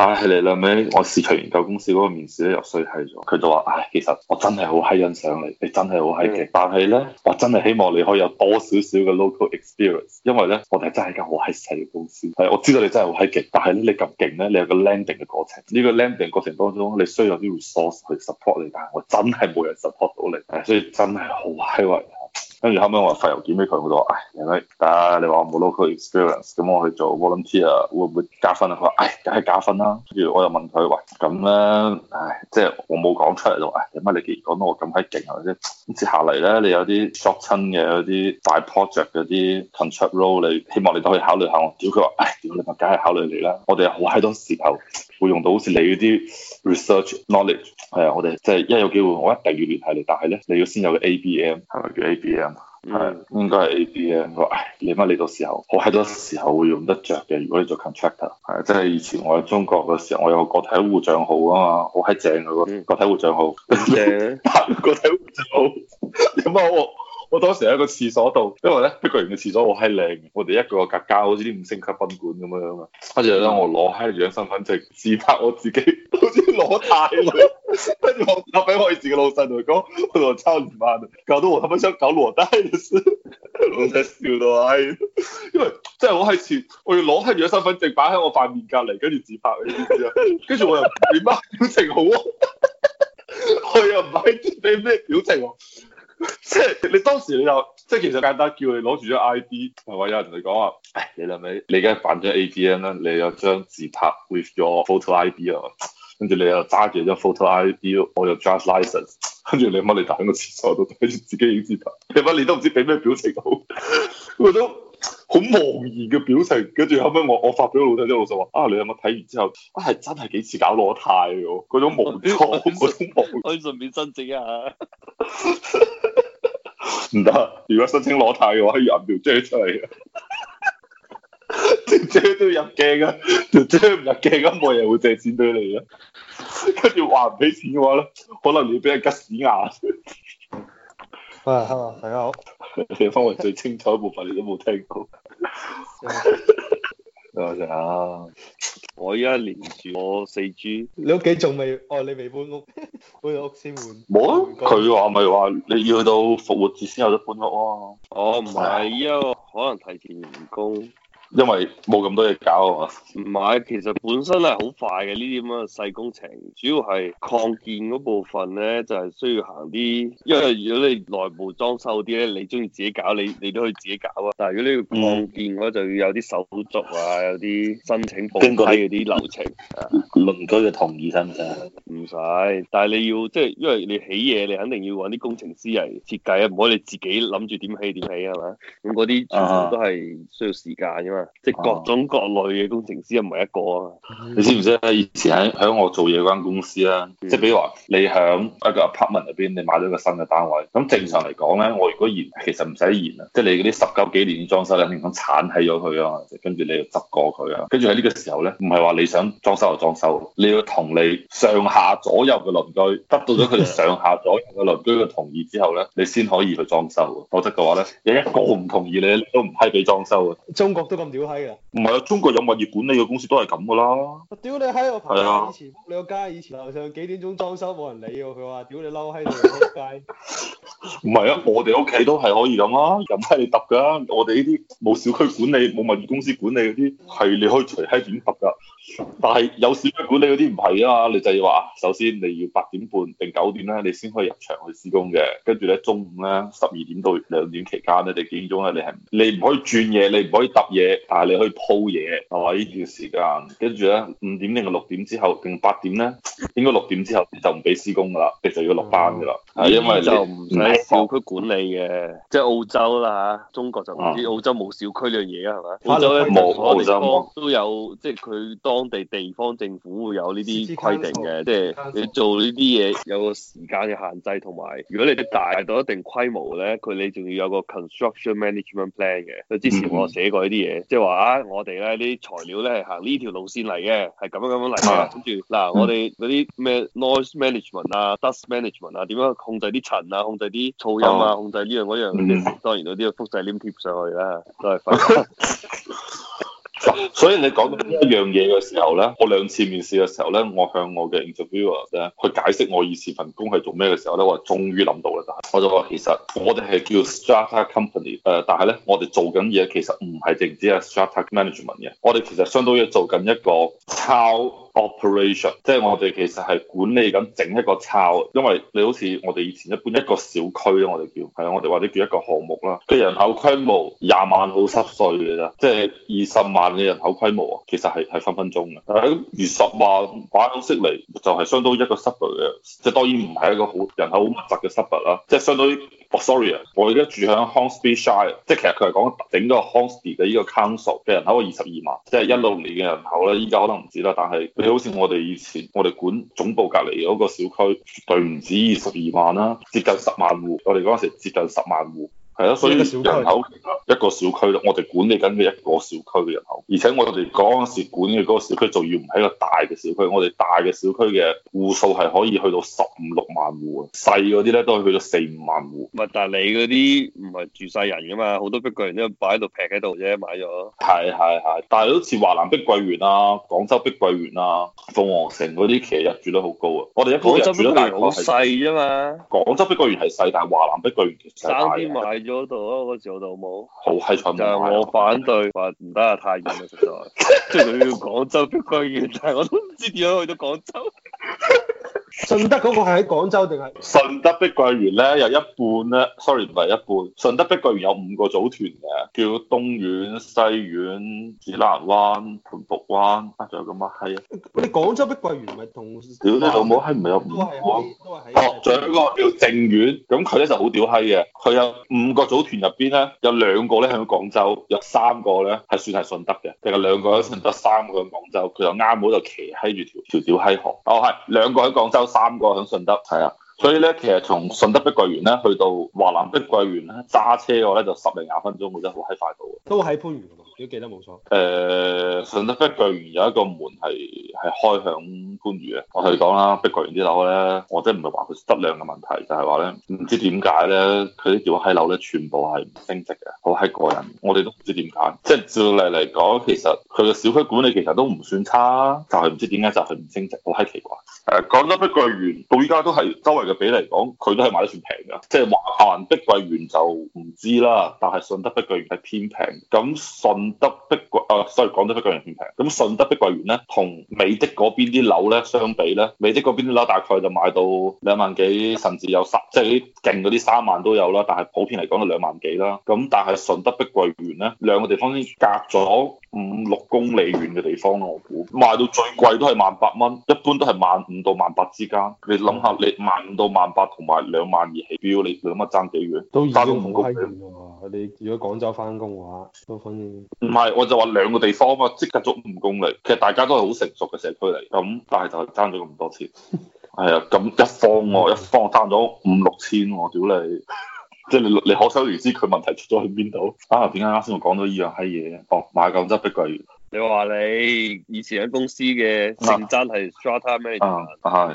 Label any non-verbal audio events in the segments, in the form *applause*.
唉，係你啦，咪我市場研究公司嗰個面試咧又衰氣咗，佢就話：唉，其實我真係好閪欣賞你，你真係好閪勁，但係咧，我真係希望你可以有多少少嘅 local experience，因為咧，我哋真係間好閪細嘅公司，係我知道你真係好閪勁，但係咧，你咁勁咧，你有個 landing 嘅過程，呢個 landing 過程當中，你需要有啲 resource 去 support 你，但係我真係冇人 support 到你，所以真係好閪遺。跟住後尾我發郵件俾佢，佢都話：唉，你乜得？你話我冇 local experience，咁我去做 volunteer 會唔會加分啊？佢話：唉，梗係加分啦、啊！跟住我又問佢話：咁咧，唉，即係我冇講出嚟就，唉，你乜你幾講到我咁閪勁啊？即係咁接下嚟咧，你有啲 shorten 嘅有啲大 project 嗰啲 contract role，你希望你都可以考慮下我。屌佢話：唉，屌你咪梗係考慮你啦！我哋好閪多時候會用到好似你嗰啲 research knowledge，係啊，我哋即係一有機會我一定要聯繫你。但係咧，你要先有個 ABM 係咪叫 ABM？B.M. AB 係、mm. 應該係 A.B.M. 唉、哎，你解你到時候，好喺多時候會用得着嘅。如果你做 contractor，係即係以前我喺中國嘅時候，我有個個體戶賬號啊嘛，好閪正嘅個體戶賬號，耶！個體戶賬號。咁啊、mm. *laughs* 我。我當時喺個廁所度，因為咧碧桂園嘅廁所好閪靚，我哋一個一個格膠，好似啲五星級賓館咁樣啊。跟住咧我攞喺張身份證自拍我自己，好似攞太耐。 *laughs* 跟住我拍俾 *laughs* 我以前嘅老細度講，我話：操你媽！搞到我特麼想搞羅丹老師。老細笑到，係因為真係我喺前，我要攞喺張身份證擺喺我塊面隔籬，跟住自拍。跟住我又點啊？表情好啊，我又唔係俾咩表情？ *laughs* 即係你當時你就即係其實簡單叫你攞住張 ID 係嘛？有人同你講啊，哎你諗你你而家扮張 ATM 啦，你有張自拍 with your photo ID 啊，跟住你又揸住張 photo ID，我又 just license，跟住你乜你打響個廁所度睇住自己影自拍，你乜你都唔知俾咩表情好我， *laughs* 我都。好茫然嘅表情，跟住後尾我我發俾老細，即係老細話：啊，你有冇睇完之後？啊，係真係幾似搞裸貸嘅，嗰種無措，嗰種無。可以順便申請一下，唔得，如果申請裸貸嘅話，要 *laughs* 整整入條 j 出嚟。條 j 都要入鏡啊，條 j 唔入鏡咁，我又會借錢俾你啊。跟 *laughs* 住還唔俾錢嘅話咧，可能要俾人吉屎眼。 *laughs* 啊，Hello！大家好。地方係最清楚一部分，你都冇聽過。我食下，我依家連住我四 G。你屋企仲未？哦，你未搬屋， *laughs* 搬咗屋先換。冇啊，佢話咪話你要去到復活節先有得搬屋啊。哦，唔係啊，可能提前完工。因為冇咁多嘢搞啊嘛，唔係，其實本身係好快嘅呢啲咁嘅細工程，主要係擴建嗰部分咧，就係、是、需要行啲，因為如果你內部裝修啲咧，你中意自己搞，你你都可以自己搞啊。但係如果你要擴建嘅話，嗯、就要有啲手續啊，有啲申請報批嗰啲流程啊。鄰居嘅同意使唔使，唔使，但係你要即係，因為你起嘢，你肯定要搵啲工程師嚟設計啊，唔可以你自己諗住點起點起係嘛？咁嗰啲全部都係需要時間噶嘛。即係各種各類嘅工程師又唔係一個啊！嗯、你知唔知以前喺喺我做嘢嗰間公司啊？嗯、即係比如話你喺一個 apartment 入邊，你買咗一個新嘅單位，咁正常嚟講咧，我如果嫌，其實唔使嫌啊，即係你嗰啲十九幾年嘅裝修咧，肯定咁鏟起咗佢啊，跟住你要執過佢啊，跟住喺呢個時候咧，唔係話你想裝修就裝修，你要同你上下左右嘅鄰居得到咗佢哋上下左右嘅鄰居嘅同意之後咧，你先可以去裝修，否則嘅話咧，有一個唔同意你，你都唔批俾裝修啊！中國都咁。屌閪啊，唔係啊，中國有物業管理嘅公司都係咁噶啦。屌你閪，我朋友以前屋是、啊、你個街，以前樓上幾點鐘裝修冇人理喎，佢話屌你嬲閪你個街。唔係 *laughs* *laughs* 啊，我哋屋企都係可以咁啊，任閪你揼噶。我哋呢啲冇小區管理、冇物業公司管理嗰啲係你可以除閪點揼噶。但係有小區管理嗰啲唔係啊，你就要話，首先你要八點半定九點咧，你先可以入場去施工嘅。跟住咧，中午咧十二點到兩點期間咧，你幾點鐘咧，你係你唔可以轉嘢，你唔可以揼嘢，但係你可以鋪嘢，係嘛呢段時間。跟住咧五點定係六點之後定八點咧，應該六點之後你就唔俾施工噶啦，你就要落班噶啦。嗯、因為就唔係小區管理嘅，即係、嗯、澳洲啦，中國就唔知、嗯、澳洲冇小區呢樣嘢啊，係嘛？翻到咧，好多地方都有，即係佢都。當地地方政府會有呢啲規定嘅，即係你做呢啲嘢有個時間嘅限制，同埋如果你嘅大到一定規模咧，佢你仲要有個 construction management plan 嘅。佢之前我寫過呢啲嘢，即係話啊，我哋咧啲材料咧行呢條路線嚟嘅，係咁樣咁樣嚟嘅。跟住嗱，我哋嗰啲咩 noise management 啊、dust management 啊，點樣控制啲塵啊、控制啲噪音啊、控制呢樣嗰樣，當然嗰啲要複製 l i 貼上去啦，都係 *laughs* 所以你講到一樣嘢嘅時候咧，我兩次面試嘅時候咧，我向我嘅 interviewer 咧去解釋我以前份工係做咩嘅時候咧，我話終於諗到啦，但我就話其實我哋係叫 strata company，誒、呃，但係咧我哋做緊嘢其實唔係淨止係 strata management 嘅，我哋其實相當於做緊一個靠。Operation 即係我哋其實係管理緊整一個抄，因為你好似我哋以前一般一個小區咯，我哋叫係啊，我哋或者叫一個項目啦。佢人口規模廿萬好濕碎嘅啫，即係二十萬嘅人口規模啊，其實係係分分鐘嘅。咁如十萬擺到息嚟，就係相當一個濕物嘅，即係當然唔係一個好人口密集嘅濕物啦，即係相當於。Oh, sorry. 我 sorry 啊，我而家住喺 Hornsey Shire 即係其實佢係講整個 Hornsey 嘅呢個 council 嘅人口係二十二萬，即係一六年嘅人口咧，依家可能唔止啦。但係你好似我哋以前我哋管總部隔離嗰個小區，絕對唔止二十二萬啦，接近十萬戶。我哋嗰陣時接近十萬戶。係咯，所以人口其實小區一個小區咯，我哋管理緊嘅一個小區嘅人口，而且我哋嗰陣時管理嗰個小區仲要唔喺個大嘅小區，我哋大嘅小區嘅戶數係可以去到十五六萬戶啊，細嗰啲咧都係去到四五萬戶。唔係，但係你嗰啲唔係住晒人噶嘛，好多碧桂園都擺喺度平喺度啫，買咗。係係係，但係好似華南碧桂園啊、廣州碧桂園啊、鳳凰城嗰啲其實入住得好高啊，我哋一個月。廣州碧桂園好細啫嘛。廣州碧桂園係細，但係華南碧桂園其實嗰度啊，嗰時我度好冇，就我反對話唔得啊，太遠啦，實在即係要廣州碧桂園。但係我都唔知點樣去到廣州。順德嗰個係喺廣州定係？順德碧桂園咧有一半咧，sorry 唔係一半，順德碧桂園有五個組團嘅，叫東苑、西苑、紫蘭灣、盤福灣，啊仲有個乜閪啊？你廣州碧桂園咪同？屌你老母閪唔係有五個哦，仲有個叫正苑，咁佢咧就好屌閪嘅，佢有五個組團入邊咧，有兩個咧喺廣州，有三個咧係算係順德嘅，定係兩個喺順德，三個喺廣州，佢就啱好就騎喺住條條屌閪河。哦係，兩個喺廣州。三個響順德，係啊，所以咧，其實從順德碧桂園咧，去到華南碧桂園咧，揸車嘅咧就十零廿分鐘，冇得好喺快到，都喺番禺啊。都記得冇錯。誒、呃，順德碧桂園有一個門係係開向番禺嘅。我同你講啦，碧桂園啲樓咧，我真係唔係話佢質量嘅問題，就係話咧，唔知點解咧，佢啲住屋係樓咧，全部係唔升值嘅，好閪過人，我哋都唔知點解，即係照例嚟講，其實佢嘅小區管理其實都唔算差，就係、是、唔知點解就係唔升值，好閪奇怪。誒、呃，講得碧桂園到依家都係周圍嘅比例講，佢都係買得算平嘅，即係話萬碧桂園就唔知啦，但係順德碧桂園係偏平。咁順德碧桂園啊，所以講到碧桂園算平。咁、嗯、順德碧桂園咧，同美的嗰邊啲樓咧相比咧，美的嗰邊啲樓大概就賣到兩萬幾，甚至有十，即係啲勁嗰啲三萬都有啦。但係普遍嚟講就兩萬幾啦。咁、嗯、但係順德碧桂園咧，兩個地方已經隔咗五六公里遠嘅地方咯，我估賣到最貴都係萬八蚊，一般都係萬五到萬八之間。你諗下，你萬五到萬八同埋兩萬二起標，你做乜爭幾遠？都已經唔貴。你如果廣州翻工嘅話，都反正。唔係，我就話兩個地方啊，即隔足五公里。其實大家都係好成熟嘅社區嚟，咁但係就爭咗咁多錢。係、 *laughs* 哎、啊，咁一方外一方爭咗五六千我屌你！ *laughs* 即係你，你可想而知佢問題出咗去邊度啊？點解啱先我講到呢樣閪嘢？哦，買咁質碧桂園。你話你以前喺公司嘅成績係 strata manager，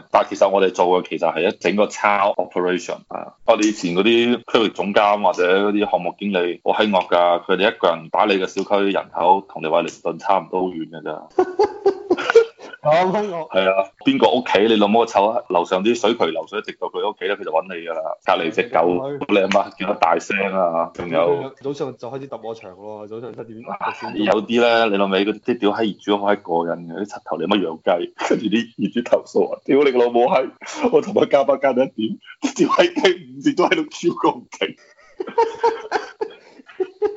但係其實我哋做嘅其實係一整個抄 operation、啊。我哋以前嗰啲區域總監或者嗰啲項目經理好欺壓㗎，佢哋一個人打理你嘅小區人口同你話倫敦差唔多好遠㗎咋。」咁係啊，邊、啊啊啊、個屋企？你老母臭啊！樓上啲水渠流水，直到佢屋企咧，佢就揾你噶啦。隔離隻狗，你阿媽，叫得、啊、大聲啊！仲有、啊、早上就開始揼我牆咯，早上七點、啊。有啲咧，你老尾嗰啲屌閪業主好閪過癮嘅，啲柒頭你乜樣雞？ *laughs* 跟住啲業主投訴啊！屌你老母閪！我尋晚加班加到一點，啲屌閪雞五時都喺度超工停。 *laughs* *laughs*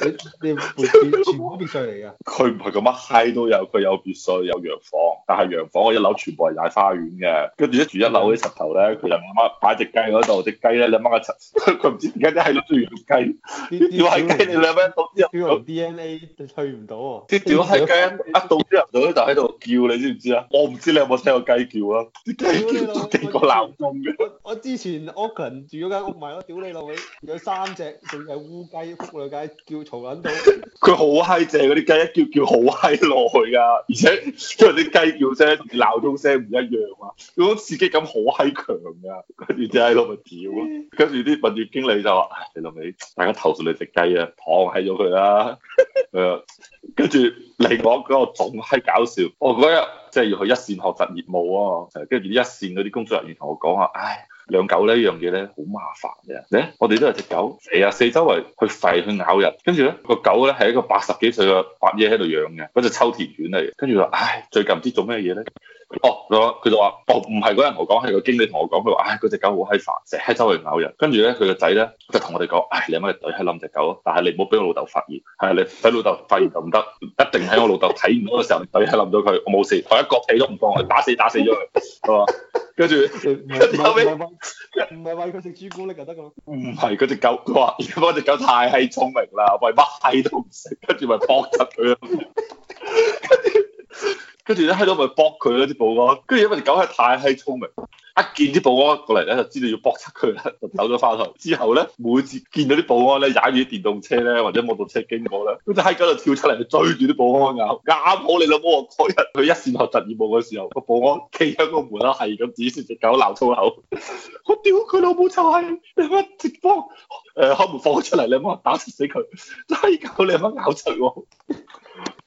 你你全部都別墅嚟噶？佢唔係咁乜閪都有，佢有別墅，有洋房，但係洋房我一樓全部係大花園嘅。跟住一住一樓嗰啲石頭咧，佢就阿媽擺隻雞喺嗰度，隻雞咧你掹一層，佢唔知而家真係攞住養雞。吊起這這雞你兩蚊到之後，DNA 你退唔到。啲吊起雞一到之後就喺度叫，你知唔知啊？ *laughs* 我唔知你有冇聽過雞叫啊？啲雞叫到地個鬧鐘。我之前屋企住嗰間屋唔係，我屌你老味，有三隻仲有，有烏雞，屋裏叫。嘈佢好嗨正嗰啲雞一叫叫好嗨落去噶，而且因為啲雞叫聲鬧鐘聲唔一樣啊，嗰種刺激感好嗨強噶，跟住隻閪佬咪跳咯，跟住啲物業經理就話：，你老味，大家投訴你隻雞啊，躺嗨咗佢啦，誒、 *laughs* *laughs* 嗯，跟住嚟講嗰個仲嗨搞笑，我嗰日即係要去一線學習業務啊，跟住啲一線嗰啲工作人員同我講啊，唉、哎。養狗呢樣嘢咧好麻煩嘅，咧我哋都係隻狗，肥啊四周圍去吠去咬人，跟住咧個狗咧係一個八十幾歲嘅伯爺喺度養嘅，嗰隻秋田犬嚟，嘅。跟住話唉最近唔知做咩嘢咧，哦佢、哦、就話哦唔係嗰日我講係個經理同我講，佢話唉嗰隻狗好閪煩，成日喺周圍咬人，呢呢跟住咧佢個仔咧就同我哋講唉你阿媽懟下冧隻狗，但係你唔好俾我老豆發現，係你睇老豆發現就唔得，一定喺我老豆睇唔到嘅時候懟下冧到佢，我冇事，我一腳踢都唔放，打死打死咗佢。佢跟住，跟住後尾唔係餵佢食朱古力就得嘅唔係。嗰隻狗佢話：“而家我隻狗太閪聰明啦，餵乜閪都唔食？跟住咪搏柒佢咯。跟住， *laughs* 跟住咧喺度咪搏佢咯啲保安。跟住因為隻狗係太閪聰明。一見啲保安過嚟咧，就知道要搏出佢啦，就走咗翻去。之後咧，每次見到啲保安咧踩住啲電動車咧，或者摩托車經過咧，咁就喺狗就跳出嚟就追住啲保安咬。啱好、嗯、你老母我嗰日佢一線學習義務嘅時候，個保安企喺個門口係咁指住隻狗鬧粗口。 *laughs* 我屌佢老母就閪、是！你乜直幫？誒、呃，開門放出嚟！你乜打柒死佢？拉狗你乜咬出？咬咬咬咬咬咬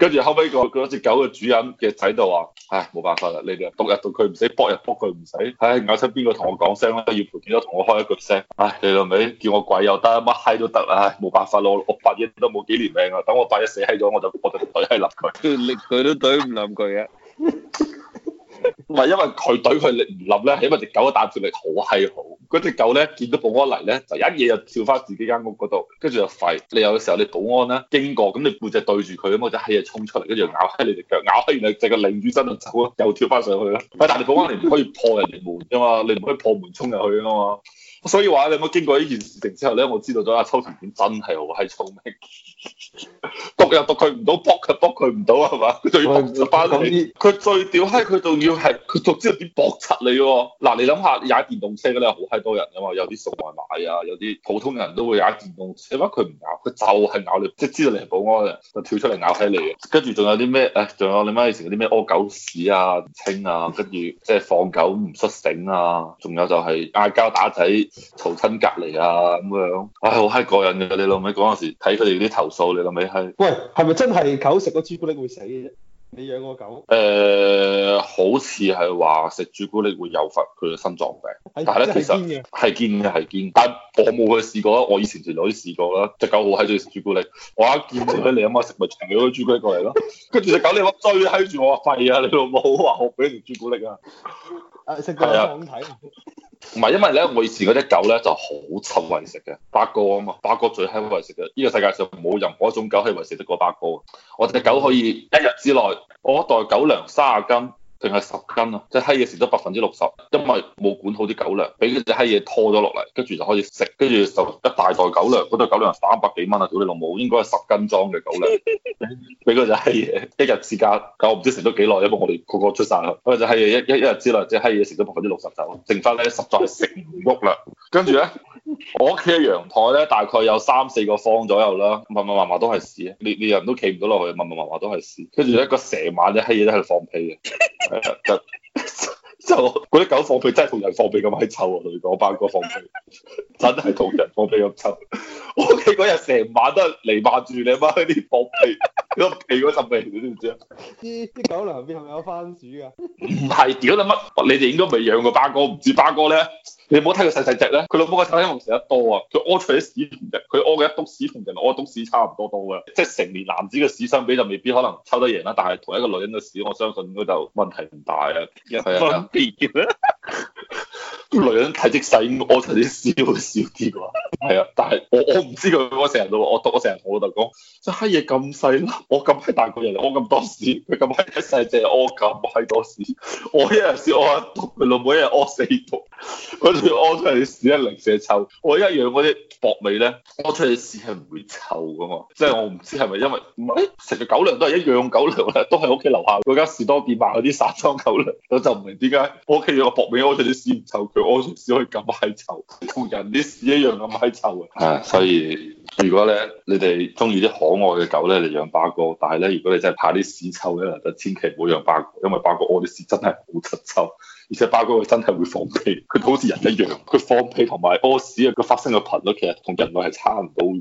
跟住後尾，個嗰隻狗嘅主人嘅仔度話：唉，冇辦法啦，你哋毒日毒佢唔使，卜日卜佢唔使」唉，咬出邊個同我講聲啦，要賠幾多同我開一句聲，唉，你老味，叫我鬼又得，乜閪都得，唉，冇辦法咯，我我八一都冇幾年命啦，等我八一死閪咗，我就我就懟閪撚佢，你佢都懟唔撚句嘢，唔係因為佢懟佢你唔撚咧，起因為隻狗嘅彈跳力好閪好。嗰隻狗咧，見到保安嚟咧，就一嘢就跳翻自己間屋嗰度，跟住就吠。你有時候你保安咧經過，咁你背脊對住佢，咁就嘿啊衝出嚟，跟住咬喺你隻腳，咬喺完就擰轉身就走啦，又跳翻上去啦。 *laughs* 但係你保安你唔可以破人哋門㗎嘛，你唔可以破門衝入去㗎嘛。所以話你有冇經過呢件事情之後咧，我知道咗阿秋田犬真係好閪聰明， *laughs* 毒又毒佢唔到，搏又搏佢唔到，係嘛？佢、嗯嗯、最搏就翻你，佢最屌閪佢仲要係佢仲知道點搏柒你喎。嗱、嗯，嗯、你諗下，踩電動車嗰啲係好閪多人㗎嘛，有啲送外賣啊，有啲普通人都會踩電動車，點解佢唔咬？佢就係咬你，即係知道你係保安嘅，就跳出嚟咬起你嘅。跟住仲有啲咩？誒、哎，仲有你媽以前嗰啲咩屙狗屎啊、唔清啊，跟住即係放狗唔栓繩啊，仲有就係嗌交打仔。打 *laughs* 嘈親隔籬啊咁樣，唉、哎、好嗨過癮嘅，你老味講嗰時睇佢哋啲投訴，你老味係。喂，係咪真係狗食咗朱古力會死嘅啫？你養過狗？誒、欸，好似係話食朱古力會誘發佢嘅心臟病，但係是咧其實係堅嘅係堅，但我冇去試過啦。我以前前女都試過啦，隻狗好嗨中意食朱古力，我一見到佢，你阿媽食咪搶咗個朱古力過嚟咯，跟住隻狗你話最嗨住我，肺啊你老母，我話我俾條朱古力啊，啊食過咁睇。 *laughs* 唔係，因為咧，我以前嗰隻狗咧就好臭為食嘅，八哥啊嘛，八哥最臭為食嘅，呢個世界上冇任何一種狗可以為食得過八哥嘅。我隻狗可以一日之內，我一袋狗糧三十斤。定係十斤咯，即係閪嘢食咗百分之六十，因為冇管好啲狗糧，俾嗰隻閪嘢拖咗落嚟，跟住就開始食，跟住就一大袋狗糧，嗰袋狗糧三百幾蚊啊，屌你老母，應該係十斤裝嘅狗糧，俾嗰隻閪嘢一日之間，咁我唔知食咗幾耐，因為我哋個個出晒啦，咁就閪嘢一一日之內，即係閪嘢食咗百分之六十就剩翻咧，實在係食唔喐啦，跟住咧。我屋企嘅陽台咧，大概有三四個方左右啦，密密麻麻都係屎，你你人都企唔到落去，密密麻麻都係屎。跟住一個成晚咧黑嘢喺度放屁啊！ *laughs* 就嗰啲狗放屁真係同人放屁咁閪臭啊！你講巴哥放屁，真係同人放屁咁臭。我屋企嗰日成晚都瀰漫住你阿媽啲放屁，嗰屁嗰陣味，你知唔知有有有啊？啲狗糧邊係咪有番薯啊？唔係，屌你乜？你哋應該未養過巴哥，唔知巴哥咧。你唔好睇佢細細隻咧，佢老婆個臭陰毛食得多啊，佢屙出啲屎盤啫，佢屙嘅一篤屎同原來我一篤屎，屎差唔多多嘅，即係成年男子嘅屎相比就未必可能抽得贏啦，但係同一個女人嘅屎，我相信佢就問題唔大啊，一分別。 *laughs* 女人體積細，屙出啲屎會少啲啩，係啊！但係我我唔知佢我成日都我我成日同老豆講，即係閪嘢咁細粒，我咁閪大個人，屙咁多屎，佢咁閪細隻，屙咁閪多屎。我一日屙，我老母一日屙四坨，跟住屙出嚟啲屎係零舍臭。我一養嗰啲博美咧，屙出嚟啲屎係唔會臭噶嘛。即係我唔知係咪因為唔係，成隻狗糧都係一樣狗糧咧，都係屋企樓下嗰間士多店賣嗰啲散裝狗糧。我就唔明點解我屋企養個博美，屙出啲屎唔臭。屙屎可以咁閪臭，同人啲屎一樣咁閪臭啊！係，所以如果咧你哋中意啲可愛嘅狗咧嚟養巴哥，但係咧如果你真係怕啲屎臭咧，就千祈唔好養巴哥，因為巴哥屙啲屎真係好出臭，而且巴哥佢真係會放屁，佢好似人一樣，佢放屁同埋屙屎啊，佢發生嘅頻率其實同人類係差唔多。